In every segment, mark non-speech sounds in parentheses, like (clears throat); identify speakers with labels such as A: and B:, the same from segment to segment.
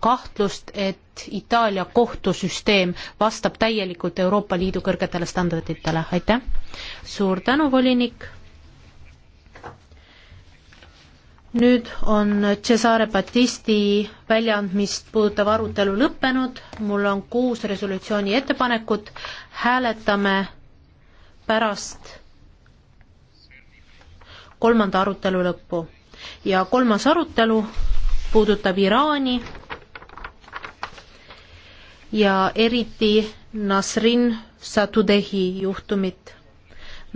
A: kahtlust, et Itaalia kohtusüsteem vastab täielikult Euroopa Liidu kõrgetele standarditele, aitäh. suur tänu, volinik. nüüd on Cesare Battisti väljaandmist puudutav arutelu lõppenud, mul on kuus resolutsiooni ettepanekut, hääletame pärast kolmanda arutelu lõppu ja kolmas arutelu puudutab Iraani ja eriti Nasrin Satudehi juhtumit.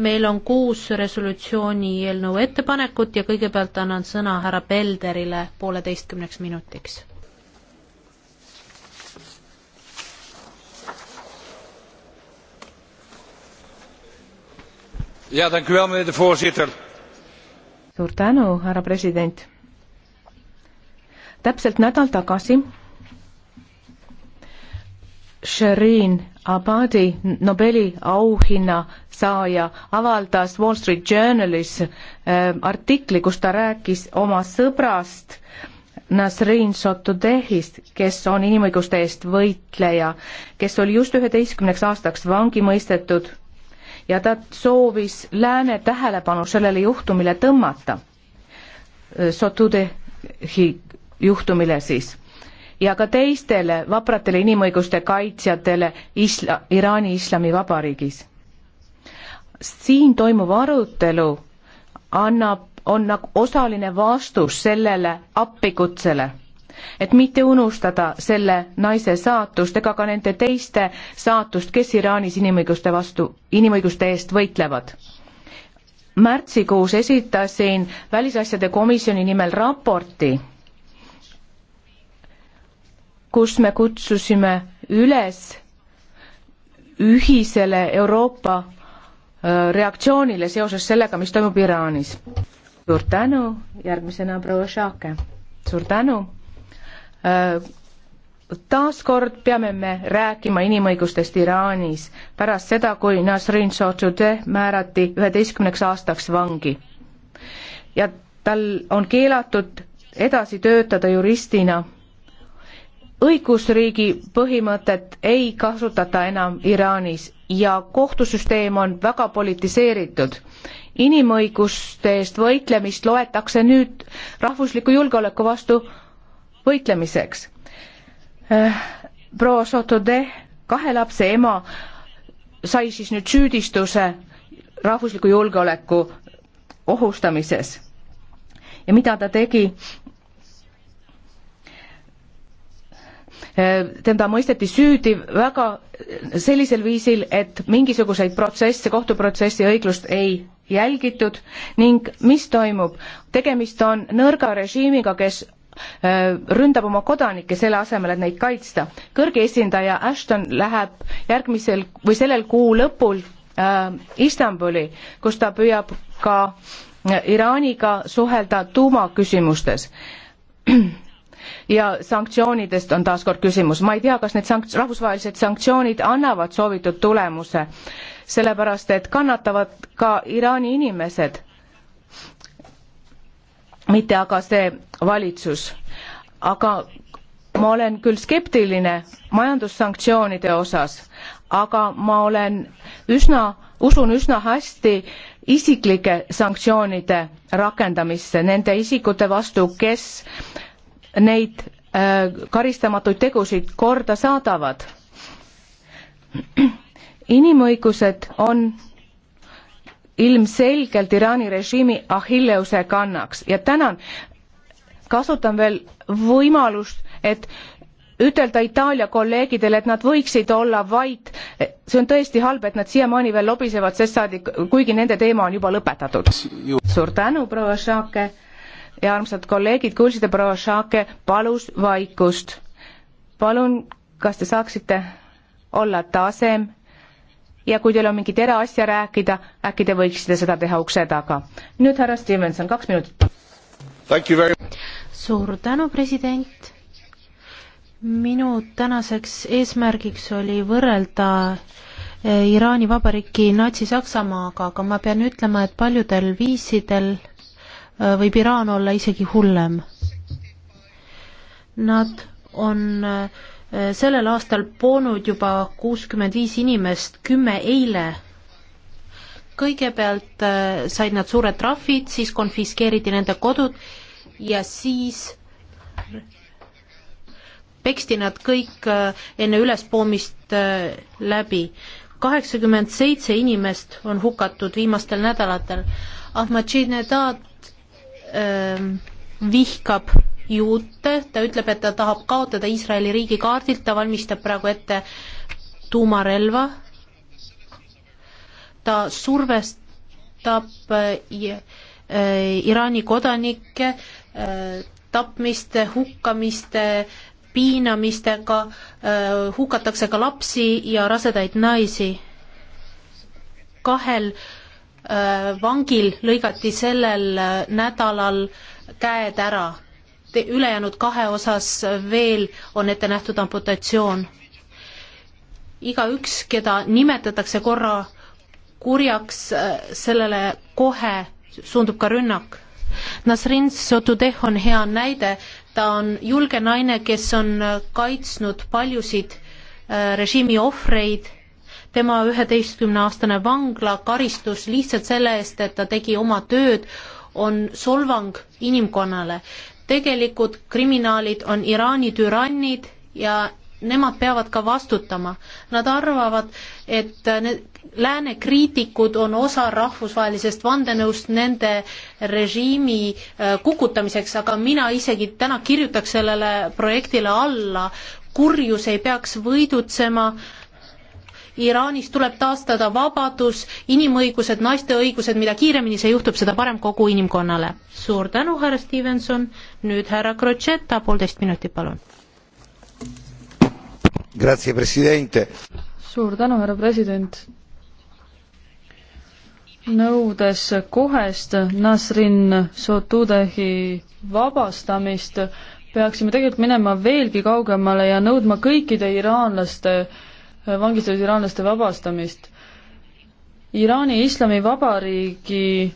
A: meil on kuus resolutsiooni eelnõu ettepanekut ja kõigepealt annan sõna härra Pelderile pooleteistkümneks minutiks.
B: suur tänu, härra president täpselt nädal tagasi Shireen Abadi, Nobeli auhinna saaja, avaldas Wall Street Journalis äh, artikli, kus ta rääkis oma sõbrast Nasrin Sotudehist, kes on inimõiguste eest võitleja, kes oli just üheteistkümneks aastaks vangi mõistetud ja ta soovis lääne tähelepanu sellele juhtumile tõmmata. Äh, Sotudehi juhtumile siis ja ka teistele vapratele inimõiguste kaitsjatele isla, Iraani Islamivabariigis. siin toimuv arutelu annab, on nagu osaline vastus sellele appikutsele, et mitte unustada selle naise saatust ega ka nende teiste saatust, kes Iraanis inimõiguste vastu, inimõiguste eest võitlevad märtsikuus esitasin välisasjade komisjoni nimel raporti kus me kutsusime üles ühisele Euroopa äh, reaktsioonile seoses sellega, mis toimub Iraanis. suur tänu, järgmisena proua Šake. suur tänu. Äh, taaskord peame me rääkima inimõigustest Iraanis pärast seda, kui Nasrin Sotude määrati üheteistkümneks aastaks vangi. ja tal on keelatud edasi töötada juristina õigusriigi põhimõtet ei kasutata enam Iraanis ja kohtusüsteem on väga politiseeritud. inimõiguste eest võitlemist loetakse nüüd rahvusliku julgeoleku vastu võitlemiseks. Äh, proua Sotode, kahe lapse ema, sai siis nüüd süüdistuse rahvusliku julgeoleku ohustamises. ja mida ta tegi, teda mõisteti süüdi väga sellisel viisil, et mingisuguseid protsesse, kohtuprotsessi õiglust ei jälgitud ning mis toimub, tegemist on nõrga režiimiga, kes äh, ründab oma kodanikke selle asemel, et neid kaitsta. kõrge esindaja Ashton läheb järgmisel või sellel kuu lõpul äh, Istanbuli, kus ta püüab ka Iraaniga suhelda tuumaküsimustes (clears throat) ja sanktsioonidest on taas kord küsimus. ma ei tea, kas need sankt-, rahvusvahelised sanktsioonid annavad soovitud tulemuse, sellepärast et kannatavad ka Iraani inimesed, mitte aga see valitsus. aga ma olen küll skeptiline majandussanktsioonide osas, aga ma olen üsna, usun üsna hästi isiklike sanktsioonide rakendamisse nende isikute vastu, kes neid äh, karistamatuid tegusid korda saadavad. (clears throat) inimõigused on ilmselgelt Iraani režiimi Achilleuse kannaks ja tänan, kasutan veel võimalust, et ütelda Itaalia kolleegidele, et nad võiksid olla vait. see on tõesti halb, et nad siiamaani veel lobisevad, sest saadik, kuigi nende teema on juba lõpetatud. suur tänu, proua Šake ja armsad kolleegid, kuulsite, proua Šake palus vaikust. palun, kas te saaksite olla tasem ja kui teil on mingit eraasja rääkida, äkki te võiksite seda teha ukse taga. nüüd härra Stevenson,
A: kaks minutit. suur tänu, president. minu tänaseks eesmärgiks oli võrrelda eh, Iraani Vabariiki Natsi-Saksamaaga, aga ma pean ütlema, et paljudel viisidel Äh, võib Iraan olla isegi hullem. Nad on äh, sellel aastal poonud juba kuuskümmend viis inimest, kümme eile. kõigepealt äh, said nad suured trahvid, siis konfiskeeriti nende kodud ja siis peksti nad kõik enne ülespoomist läbi. kaheksakümmend seitse inimest on hukatud viimastel nädalatel. Ahmadinejad Ähm, vihkab juute, ta ütleb, et ta tahab kaotada Iisraeli riigikaardilt, ta valmistab praegu ette tuumarelva, ta survestab äh, äh, Iraani kodanikke äh, tapmiste, hukkamiste, piinamistega, hukatakse ka lapsi ja rasedaid naisi. kahel äh, Äh, vangil lõigati sellel äh, nädalal käed ära. ülejäänud kahe osas äh, veel on ette nähtud amputatsioon. igaüks, keda nimetatakse korra kurjaks, sellele kohe suundub ka rünnak. Nasrin Sotudeh on hea näide, ta on julge naine, kes on kaitsnud paljusid režiimi ohvreid tema üheteistkümneaastane vanglakaristus lihtsalt selle eest, et ta tegi oma tööd, on solvang inimkonnale. tegelikud kriminaalid on Iraani türannid ja nemad peavad ka vastutama. Nad arvavad, et need lääne kriitikud on osa rahvusvahelisest vandenõust nende režiimi äh, kukutamiseks, aga mina isegi täna kirjutaks sellele projektile alla, kurjus ei peaks võidutsema äh, Iraanis tuleb taastada vabadus, inimõigused, naiste õigused, mida kiiremini see juhtub, seda parem kogu inimkonnale. suur tänu, härra Stevenson, nüüd härra Crocetta, poolteist minutit, palun. suur tänu, härra president
C: nõudes kohest Nasrin Sotudehi vabastamist, peaksime tegelikult minema veelgi kaugemale ja nõudma kõikide iraanlaste vangistatud iraanlaste vabastamist. Iraani Islamivabariigi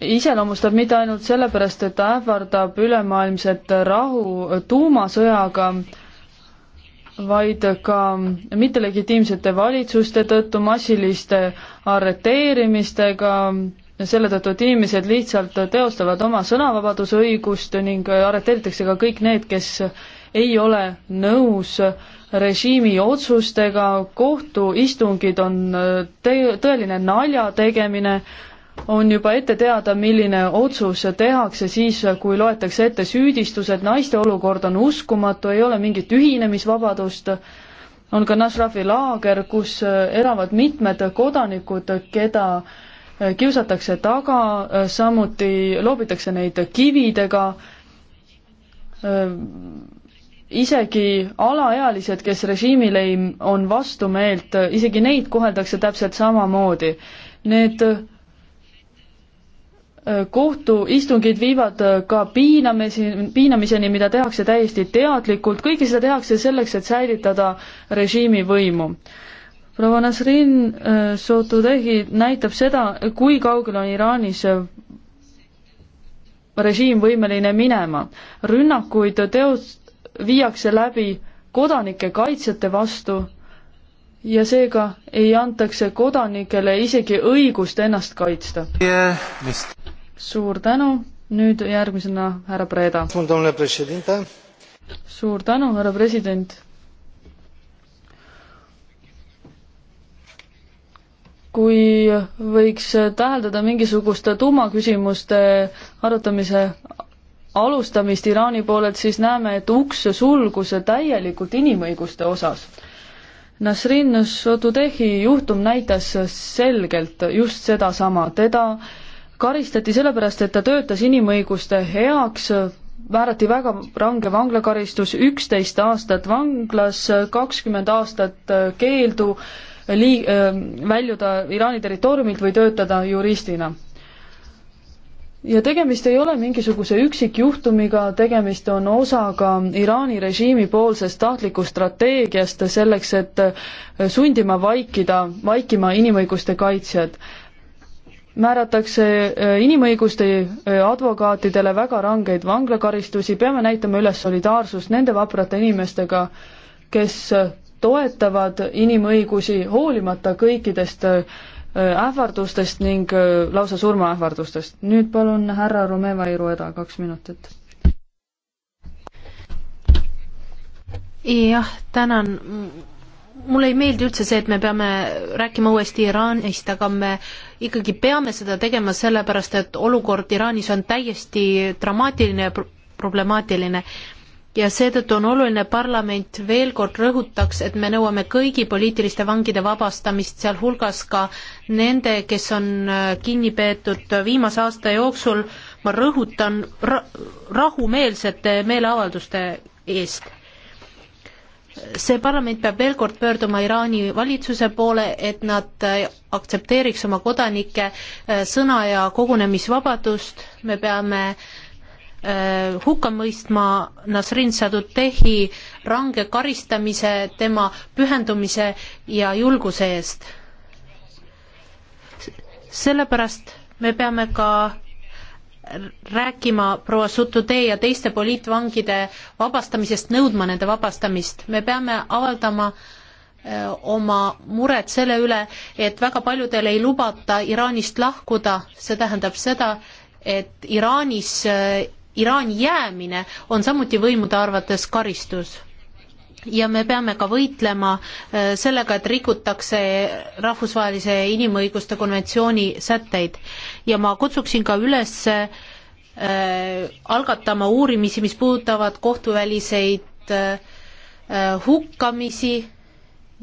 C: iseloomustab mitte ainult sellepärast, et ta ähvardab ülemaailmset rahu tuumasõjaga, vaid ka mittelegitiimsete valitsuste tõttu, massiliste arreteerimistega, selle tõttu, et inimesed lihtsalt teostavad oma sõnavabaduse õigust ning arreteeritakse ka kõik need, kes ei ole nõus režiimi otsustega, kohtuistungid on äh, te-, tõeline naljategemine, on juba ette teada, milline otsus tehakse siis, kui loetakse ette süüdistused, naiste olukord on uskumatu, ei ole mingit ühinemisvabadust, on ka Nashrafi laager, kus äh, elavad mitmed kodanikud, keda äh, kiusatakse taga, samuti loobitakse neid kividega, isegi alaealised, kes režiimile ei, on vastumeelt, isegi neid koheldakse täpselt samamoodi. Need äh, kohtuistungid viivad äh, ka piinamisi, piinamiseni, mida tehakse täiesti teadlikult, kõike seda tehakse selleks, et säilitada režiimi võimu. proua Nasrin äh, Sotudehi näitab seda, kui kaugel on Iraanis režiim võimeline minema. rünnakuid teos-, viiakse läbi kodanike kaitsjate vastu ja seega ei antakse kodanikele isegi õigust ennast kaitsta yeah,. suur tänu, nüüd järgmisena härra Preda. suur tänu, härra president. kui võiks täheldada mingisuguste tuumaküsimuste arutamise alustamist Iraani poolelt, siis näeme, et uks sulgus täielikult inimõiguste osas. Nasrin Sotudehi juhtum näitas selgelt just sedasama, teda karistati sellepärast, et ta töötas inimõiguste heaks, määrati väga range vanglakaristus, üksteist aastat vanglas, kakskümmend aastat keeldu lii-, äh, väljuda Iraani territooriumilt või töötada juristina ja tegemist ei ole mingisuguse üksikjuhtumiga, tegemist on osaga Iraani režiimi poolsest tahtlikust strateegiast selleks, et äh, sundima vaikida, vaikima inimõiguste kaitsjad. määratakse äh, inimõiguste äh, advokaatidele väga rangeid vanglakaristusi, peame näitama üles solidaarsust nende vaprate inimestega, kes toetavad inimõigusi hoolimata kõikidest ähvardustest ning lausa surmaähvardustest. nüüd palun härra Romeva Irueda, kaks minutit.
A: jah, tänan. mulle ei meeldi üldse see, et me peame rääkima uuesti Iraanist, aga me ikkagi peame seda tegema sellepärast, et olukord Iraanis on täiesti dramaatiline ja problemaatiline ja seetõttu on oluline parlament veel kord rõhutaks, et me nõuame kõigi poliitiliste vangide vabastamist, sealhulgas ka nende, kes on äh, kinni peetud viimase aasta jooksul, ma rõhutan, rahumeelsete meeleavalduste eest. see parlament peab veel kord pöörduma Iraani valitsuse poole, et nad äh, aktsepteeriks oma kodanike äh, sõna- ja kogunemisvabadust, me peame äh, Äh, hukka mõistma Nasrin Sadutehi range karistamise, tema pühendumise ja julguse eest. sellepärast me peame ka rääkima proua Sututee ja teiste poliitvangide vabastamisest, nõudma nende vabastamist. me peame avaldama äh, oma mured selle üle, et väga paljudel ei lubata Iraanist lahkuda, see tähendab seda, et Iraanis äh, Iraani jäämine on samuti võimude arvates karistus. ja me peame ka võitlema äh, sellega, et rikutakse rahvusvahelise inimõiguste konventsiooni sätteid ja ma kutsuksin ka üles äh, algatama uurimisi, mis puudutavad kohtuväliseid äh, äh hukkamisi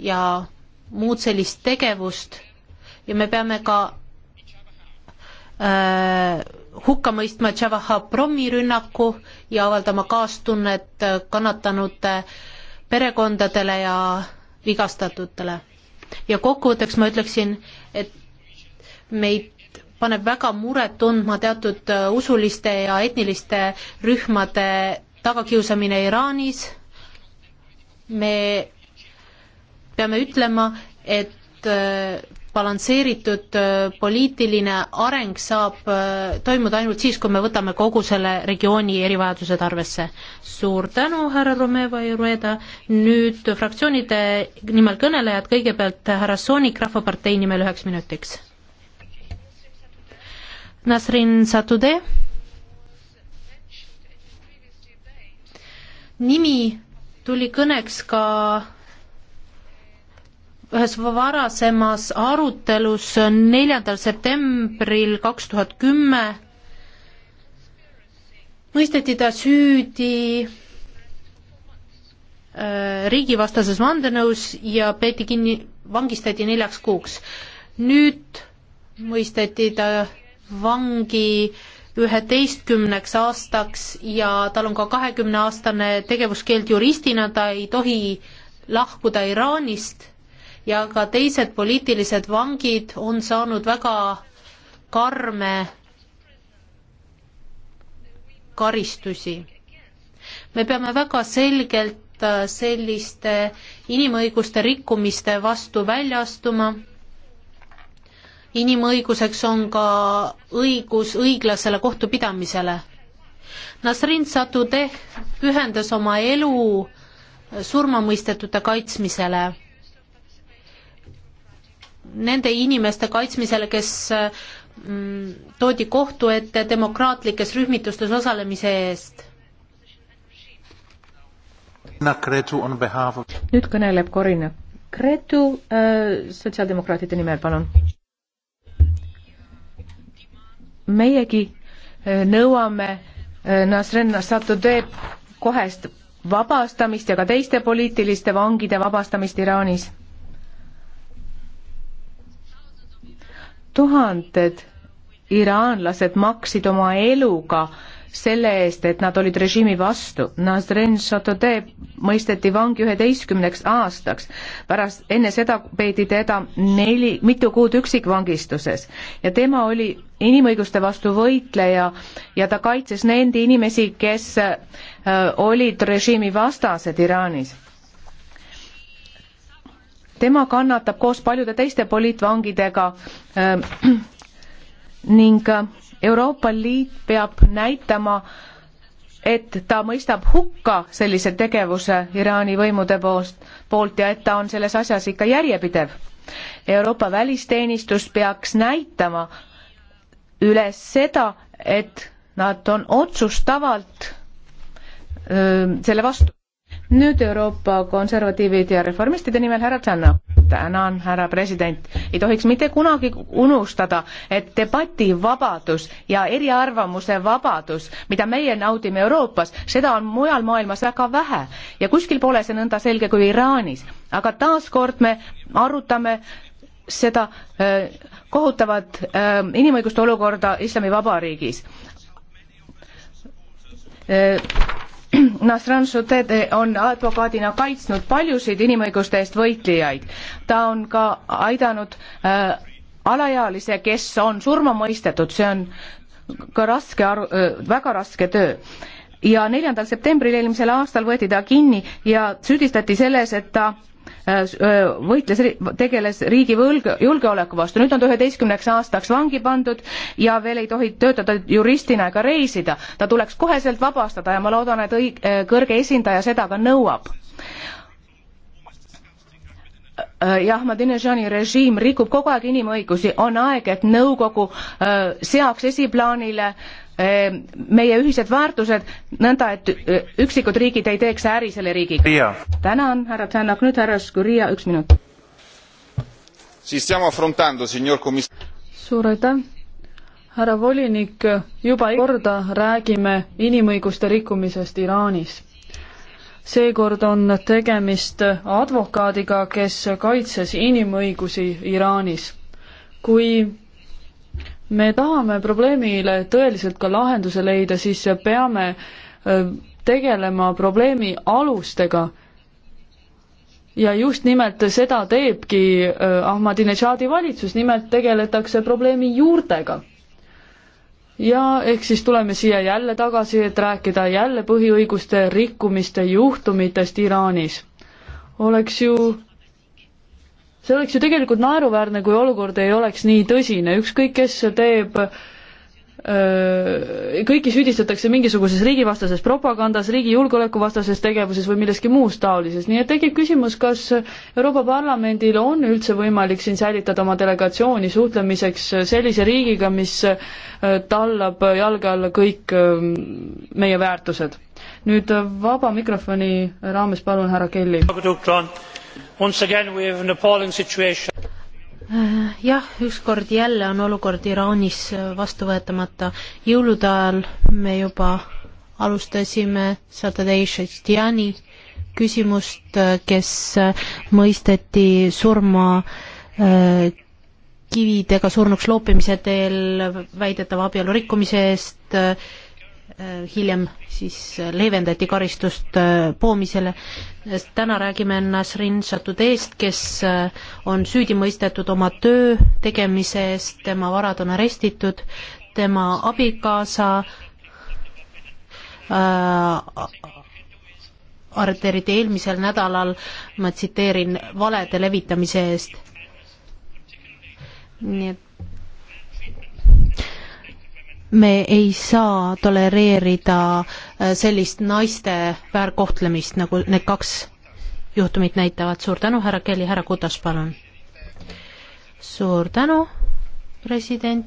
A: ja muud sellist tegevust ja me peame ka äh, hukka mõistma Javaha pommirünnaku ja avaldama kaastunnet kannatanute perekondadele ja vigastatutele. ja kokkuvõtteks ma ütleksin, et meid paneb väga muret tundma teatud äh, usuliste ja etniliste rühmade tagakiusamine Iraanis. me peame ütlema, et äh, balansseeritud äh, poliitiline areng saab äh, toimuda ainult siis, kui me võtame kogu selle regiooni erivajadused arvesse. suur tänu, härra Romeva ja Rueda, nüüd fraktsioonide nimel kõnelejad, kõigepealt härra Soonik Rahvapartei nimel üheks minutiks. Nasrin Satudeh. nimi tuli kõneks ka ühes varasemas arutelus neljandal septembril kaks tuhat kümme mõisteti ta süüdi äh, riigivastases vandenõus ja peeti kinni, vangistati neljaks kuuks. nüüd mõisteti ta vangi üheteistkümneks aastaks ja tal on ka kahekümneaastane tegevuskeeld juristina, ta ei tohi lahkuda Iraanist ja ka teised poliitilised vangid on saanud väga karme karistusi. me peame väga selgelt äh, selliste inimõiguste rikkumiste vastu välja astuma inimõiguseks on ka õigus õiglasele kohtupidamisele. Nasrin Satudeh pühendas oma elu surmamõistetute kaitsmisele nende inimeste kaitsmisele, kes mm, toodi kohtu ette demokraatlikes rühmitustes osalemise eest.
C: nüüd
B: kõneleb Corina Gretu äh, sotsiaaldemokraatide nimel, palun. meiegi äh, nõuame äh, Nasrin Satudee kohest vabastamist ja ka teiste poliitiliste vangide vabastamist Iraanis tuhanded iraanlased maksid oma eluga selle eest, et nad olid režiimi vastu. Nazrin Sotodee mõisteti vangi üheteistkümneks aastaks. pärast, enne seda peeti teda neli, mitu kuud üksikvangistuses ja tema oli inimõiguste vastu võitleja ja ta kaitses nende inimesi, kes äh, olid režiimi vastased Iraanis tema kannatab koos paljude teiste poliitvangidega ähm, äh, ning Euroopa Liit peab näitama, et ta mõistab hukka sellise tegevuse Iraani võimude poolt, poolt ja et ta on selles asjas ikka järjepidev. Euroopa välisteenistus peaks näitama üles seda, et nad on otsustavalt öö, ähm, selle vastu nüüd Euroopa konservatiivid ja reformistide nimel härra Tšanna. tänan, härra president. ei tohiks mitte kunagi unustada, et debativabadus ja eriarvamuse vabadus, mida meie naudime Euroopas, seda on mujal maailmas väga vähe ja kuskil pole see nõnda selge kui Iraanis. aga taaskord me arutame seda äh, kohutavat äh, inimõiguste olukorda Islamivabariigis äh, (clears throat) Nasran Sotede on advokaadina kaitsnud paljusid inimõiguste eest võitlejaid. ta on ka aidanud äh, alaealise, kes on surma mõistetud, see on ka raske aru äh,, väga raske töö ja neljandal septembril eelmisel aastal võeti ta kinni ja süüdistati selles, et ta äh, äh, võitles, tegeles riigi võlg, julgeoleku vastu, nüüd on ta üheteistkümneks aastaks vangi pandud ja veel ei tohi töötada juristina ega reisida. ta tuleks koheselt vabastada ja ma loodan, et õig-, äh, kõrge esindaja seda ka nõuab. jah, Madinejani režiim rikub kogu aeg inimõigusi, on aeg, et nõukogu seaks esiplaanile äh, Ehm, meie ühised väärtused, nõnda et eh, üksikud riigid ei teeks äri selle riigiga. tänan, härra Tänak, nüüd härra Skuria, üks minut. suur aitäh, härra
C: volinik, juba korda räägime inimõiguste rikkumisest Iraanis seekord on tegemist advokaadiga, kes kaitses inimõigusi Iraanis. kui me tahame probleemile tõeliselt ka lahenduse leida, siis peame tegelema probleemi alustega. ja just nimelt seda teebki Ahmadinejadi valitsus, nimelt tegeletakse probleemi juurtega. ja ehk siis tuleme siia jälle tagasi, et rääkida jälle põhiõiguste rikkumiste juhtumitest Iraanis. oleks ju see oleks ju tegelikult naeruväärne, kui olukord ei oleks nii tõsine, ükskõik kes teeb kõiki süüdistatakse mingisuguses riigivastases propagandas, riigi julgeolekuvastases tegevuses või milleski muus taolises, nii et tekib küsimus, kas Euroopa Parlamendil on üldse võimalik siin säilitada oma delegatsiooni suhtlemiseks sellise riigiga, mis tallab jalge alla kõik meie väärtused. nüüd vaba
A: mikrofoni raames palun härra Kelly.
C: Once again we have an appalling
A: situation äh, jah, ükskord jälle on olukord Iraanis äh, vastu võetamata. jõulude ajal me juba alustasime Sadadei Šestjani küsimust, äh, kes mõisteti surma kividega surnuks loopimise teel väidetava abielu rikkumise eest Äh, hiljem siis äh, leevendati karistust äh, poomisele. täna räägime Nasrin Shatudeest, kes on süüdi mõistetud oma töö tegemise eest, tema varad on arestitud, tema abikaasa äh, arreteeriti eelmisel nädalal, ma tsiteerin, valede levitamise eest. nii et me ei saa tolereerida äh, sellist naiste väärkohtlemist, nagu need kaks juhtumit näitavad. suur tänu, härra Kelly, härra Kutas, palun. suur tänu, president.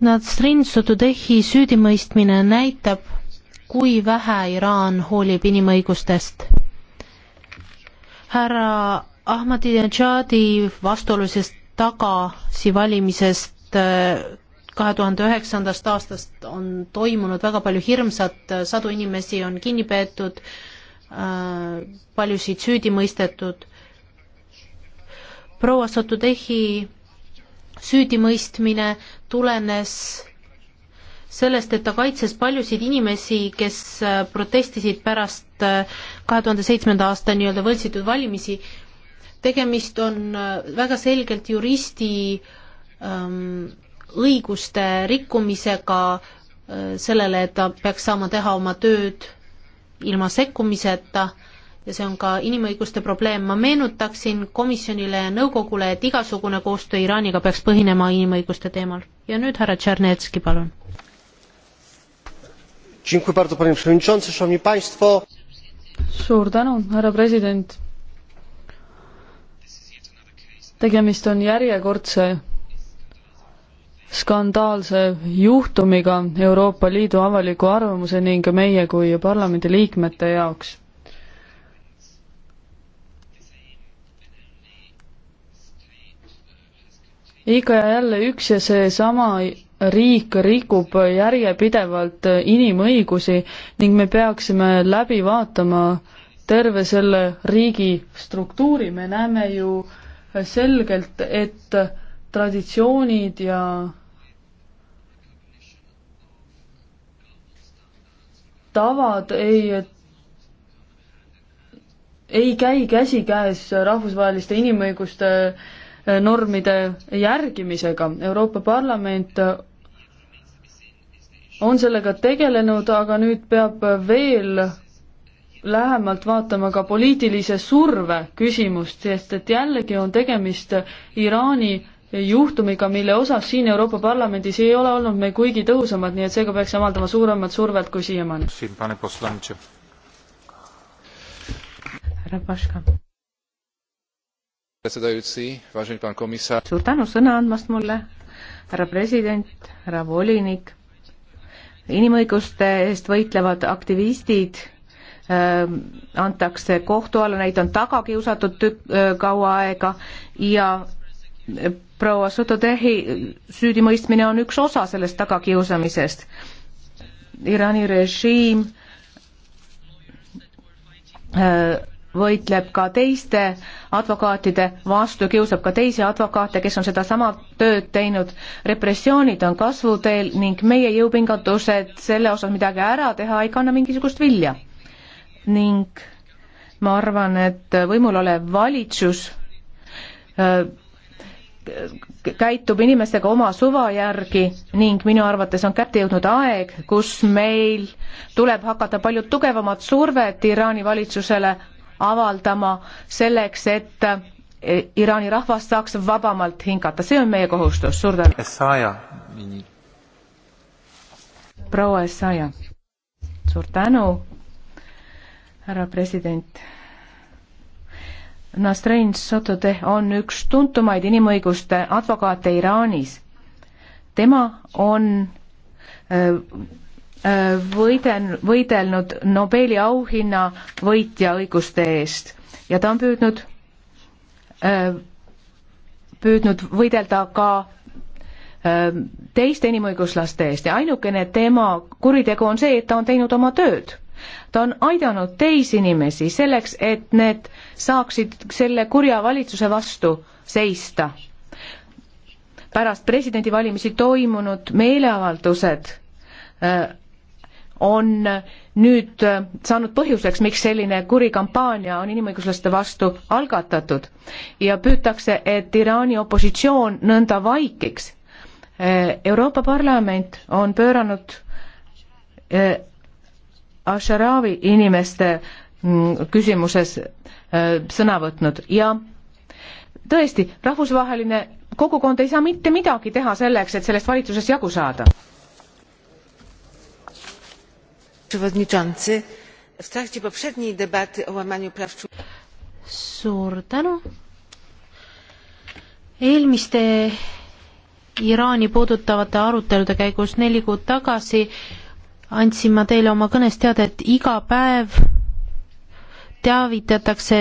A: Nazrin Sotudehi süüdimõistmine näitab, kui vähe Iraan hoolib inimõigustest. härra Ahmadinejadi vastuolulisest tagasivalimisest et äh, kahe tuhande üheksandast aastast on toimunud väga palju hirmsat, äh, sadu inimesi on kinni peetud, äh, paljusid süüdi mõistetud. proua Sotudehi süüdimõistmine tulenes sellest, et ta kaitses paljusid inimesi, kes protestisid pärast kahe tuhande seitsmenda aasta nii-öelda võltsitud valimisi. tegemist on väga selgelt juristi äh, Ähm, õiguste rikkumisega äh, sellele, et ta peaks saama teha oma tööd ilma sekkumiseta ja see on ka inimõiguste probleem. ma meenutaksin komisjonile ja nõukogule, et igasugune koostöö Iraaniga peaks põhinema inimõiguste teemal. ja nüüd härra Tšernetski, palun. suur tänu, härra president.
C: tegemist on järjekordse skandaalse juhtumiga Euroopa Liidu avaliku arvamuse ning meie kui parlamendi liikmete jaoks. ikka ja jälle üks ja seesama riik rikub järjepidevalt inimõigusi ning me peaksime läbi vaatama terve selle riigi struktuuri, me näeme ju selgelt, et traditsioonid ja tavad ei, ei käi käsikäes rahvusvaheliste inimõiguste eh, normide järgimisega. Euroopa Parlament on sellega tegelenud, aga nüüd peab veel lähemalt vaatama ka poliitilise surve küsimust, sest et jällegi on tegemist Iraani juhtumiga, mille osas siin Euroopa Parlamendis ei ole olnud me kuigi tõhusamad, nii et seega peaks avaldama suuremat survet kui siiamaani.
B: härra Paška. suur tänu sõna andmast mulle, härra president, härra volinik, inimõiguste eest võitlevad aktivistid ähm, antakse kohtu alla, neid on taga kiusatud tükk, äh, kaua aega ja äh, proua Sotodehi süüdimõistmine on üks osa sellest tagakiusamisest. Iraani režiim äh, võitleb ka teiste advokaatide vastu, kiusab ka teisi advokaate, kes on sedasama tööd teinud. repressioonid on kasvuteel ning meie jõupingutused selle osas midagi ära teha ei kanna mingisugust vilja. ning ma arvan, et võimul olev valitsus äh, käitub inimestega oma suva järgi ning minu arvates on kätte jõudnud aeg, kus meil tuleb hakata palju tugevamat survet Iraani valitsusele avaldama selleks, et e, Iraani rahvas saaks vabamalt hingata, see on meie kohustus, suur
A: tänu.
B: proua Essaja, suur tänu, härra president Nasrin Sotodeh on üks tuntumaid inimõiguste advokaate Iraanis. tema on äh, äh, võiden-, võidelnud Nobeli auhinna võitja õiguste eest ja ta on püüdnud, äh, püüdnud võidelda ka teiste inimõiguslaste eest ja ainukene tema kuritegu on see, et ta on teinud oma tööd ta on aidanud teisi inimesi selleks, et need saaksid selle kurja valitsuse vastu seista. pärast presidendivalimisi toimunud meeleavaldused äh, on nüüd äh, saanud põhjuseks, miks selline kuri kampaania on inimõiguslaste vastu algatatud ja püütakse, et Iraani opositsioon nõnda vaikiks äh, Euroopa Parlament on pööranud Asharavi inimeste mm, küsimuses äh, sõna võtnud ja tõesti, rahvusvaheline kogukond ei saa mitte midagi teha selleks, et sellest valitsusest jagu saada.
A: suur tänu. eelmiste Iraani puudutavate arutelude käigus neli kuud tagasi andsin ma teile oma kõnes teada, et iga päev teavitatakse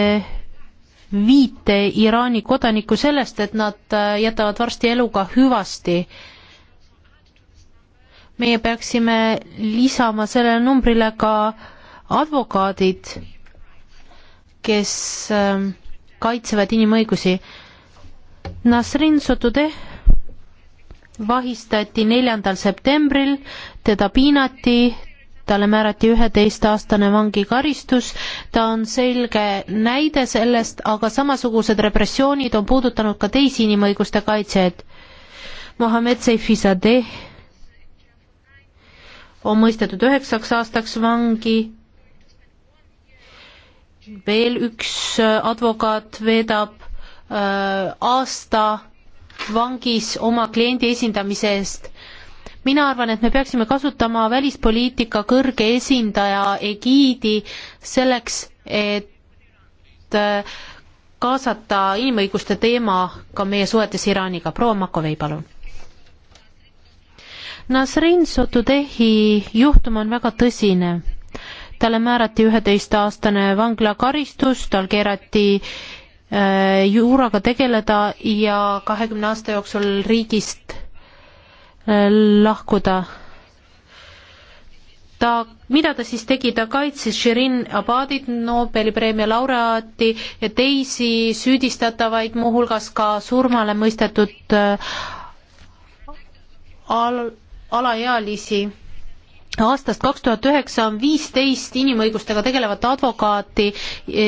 A: viite Iraani kodanikku sellest, et nad äh, jätavad varsti eluga hüvasti. meie peaksime lisama sellele numbrile ka advokaadid, kes ähm, kaitsevad inimõigusi. Nasrin Sotudeh vahistati neljandal septembril, teda piinati, talle määrati üheteistaastane vangikaristus, ta on selge näide sellest, aga samasugused repressioonid on puudutanud ka teisi inimõiguste kaitsjaid. Mohammed Seifizadeh on mõistetud üheksaks aastaks vangi, veel üks advokaat veedab öö, äh, aasta vangis oma kliendi esindamise eest. mina arvan, et me peaksime kasutama välispoliitika kõrge esindaja egiidi selleks, et äh, kaasata inimõiguste teema ka meie suhetes Iraaniga. proua Makovei, palun. Nasrin Sotudehi juhtum on väga tõsine talle määrati üheteistaastane vanglakaristus, tal keerati Äh, juuraga tegeleda ja kahekümne aasta jooksul riigist äh, lahkuda. ta, mida ta siis tegi, ta kaitses Shirin Abadit, Nobeli preemia laureaati ja teisi süüdistatavaid, muuhulgas ka surmale mõistetud äh, al-, alaealisi aastast kaks tuhat üheksa on viisteist inimõigustega tegelevat advokaati e,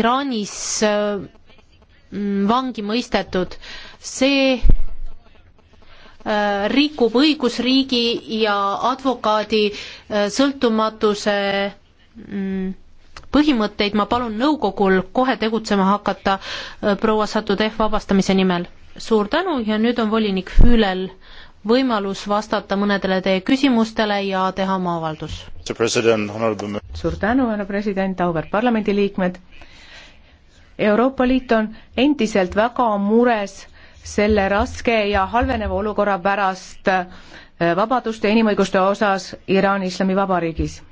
A: Iraanis e, vangi mõistetud. see e, rikub õigusriigi ja advokaadi sõltumatuse põhimõtteid, ma palun nõukogul kohe tegutsema hakata proua Satu Tehv vabastamise nimel. suur tänu ja nüüd on volinik Füülel võimalus vastata mõnedele teie küsimustele ja teha oma avaldus. suur tänu, härra president, auväärt parlamendiliikmed. Euroopa
B: Liit on endiselt väga mures selle raske ja halveneva olukorra pärast äh, vabaduste ja inimõiguste osas Iraani Islamivabariigis.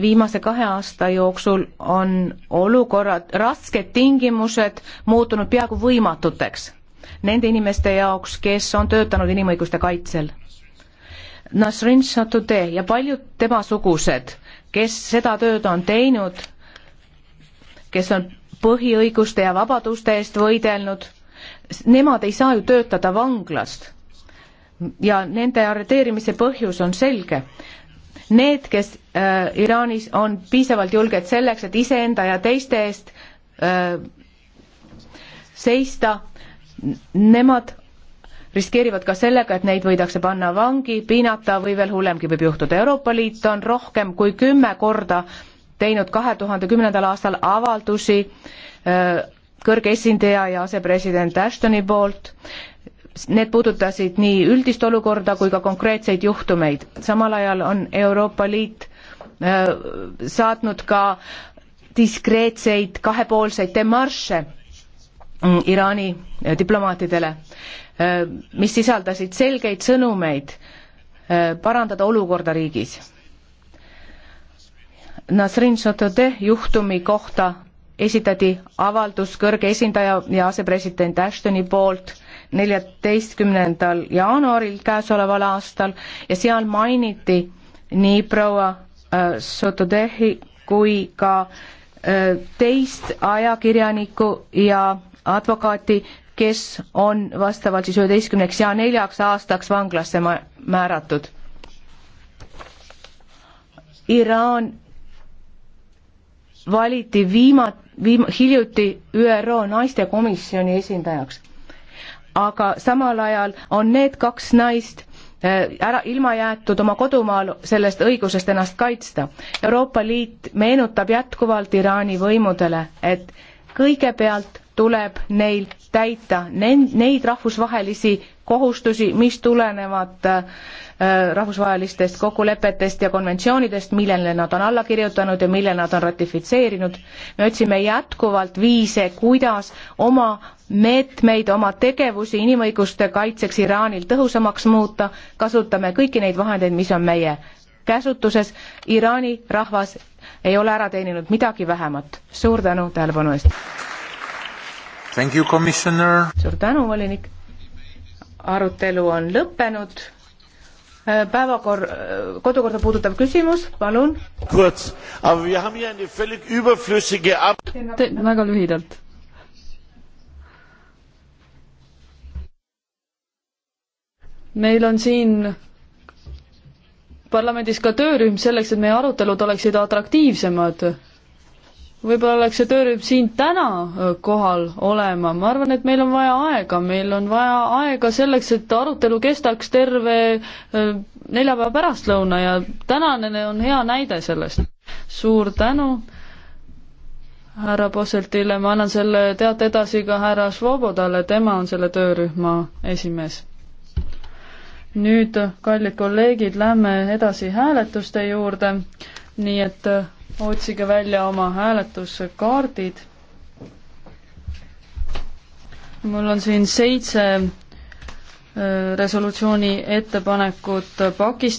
B: viimase kahe aasta jooksul on olukorrad, rasked tingimused muutunud peaaegu võimatuteks nende inimeste jaoks, kes on töötanud inimõiguste kaitsel. Nasrin Satudee ja paljud temasugused, kes seda tööd on teinud, kes on põhiõiguste ja vabaduste eest võidelnud, nemad ei saa ju töötada vanglast. ja nende arreteerimise põhjus on selge need, kes äh, Iraanis on piisavalt julged selleks, et iseenda ja teiste eest äh, seista, nemad riskeerivad ka sellega, et neid võidakse panna vangi, piinata või veel hullemgi võib juhtuda. Euroopa Liit on rohkem kui kümme korda teinud kahe tuhande kümnendal aastal avaldusi kõrge esindaja ja asepresident Ashtoni poolt. Need puudutasid nii üldist olukorda kui ka konkreetseid juhtumeid. samal ajal on Euroopa Liit saatnud ka diskreetseid kahepoolseid demarše Mm, Iraani äh, diplomaatidele, äh, mis sisaldasid selgeid sõnumeid äh, parandada olukorda riigis. Nasrin Sotodeh juhtumi kohta esitati avaldus kõrge esindaja ja asepresident Ashtoni poolt neljateistkümnendal jaanuaril käesoleval aastal ja seal mainiti nii proua Sotodehi kui ka teist ajakirjanikku ja advokaati, kes on vastavalt siis üheteistkümneks ja neljaks aastaks vanglasse määratud. Iraan valiti viima-, viim-, hiljuti ÜRO naistekomisjoni esindajaks. aga samal ajal on need kaks naist äh, ära, ilma jäetud oma kodumaal sellest õigusest ennast kaitsta. Euroopa Liit meenutab jätkuvalt Iraani võimudele, et kõigepealt tuleb neil täita neid rahvusvahelisi kohustusi, mis tulenevad äh, rahvusvahelistest kokkulepetest ja konventsioonidest, millele nad on alla kirjutanud ja mille nad on ratifitseerinud. me otsime jätkuvalt viise, kuidas oma meetmeid, oma tegevusi inimõiguste kaitseks Iraanil tõhusamaks muuta, kasutame kõiki neid vahendeid, mis on meie käsutuses. Iraani rahvas ei ole ära teeninud midagi vähemat. suur tänu tähelepanu eest! suur tänu, volinik. arutelu on lõppenud. Äh, päevakor-, äh, kodukorda puudutav küsimus, palun. väga lühidalt
C: meil on siin parlamendis ka töörühm selleks, et meie arutelud oleksid atraktiivsemad võib-olla oleks see töörühm siin täna äh, kohal olema, ma arvan, et meil on vaja aega, meil on vaja aega selleks, et arutelu kestaks terve äh, neljapäeva pärastlõuna ja tänane on hea näide sellest. suur tänu härra Posseltile, ma annan selle teate edasi ka härra Svobodale, tema on selle töörühma esimees. nüüd, kallid kolleegid, lähme edasi hääletuste juurde, nii et äh, otsige välja oma hääletuskaardid. mul on siin seitse äh, resolutsiooni ettepanekut Pakistani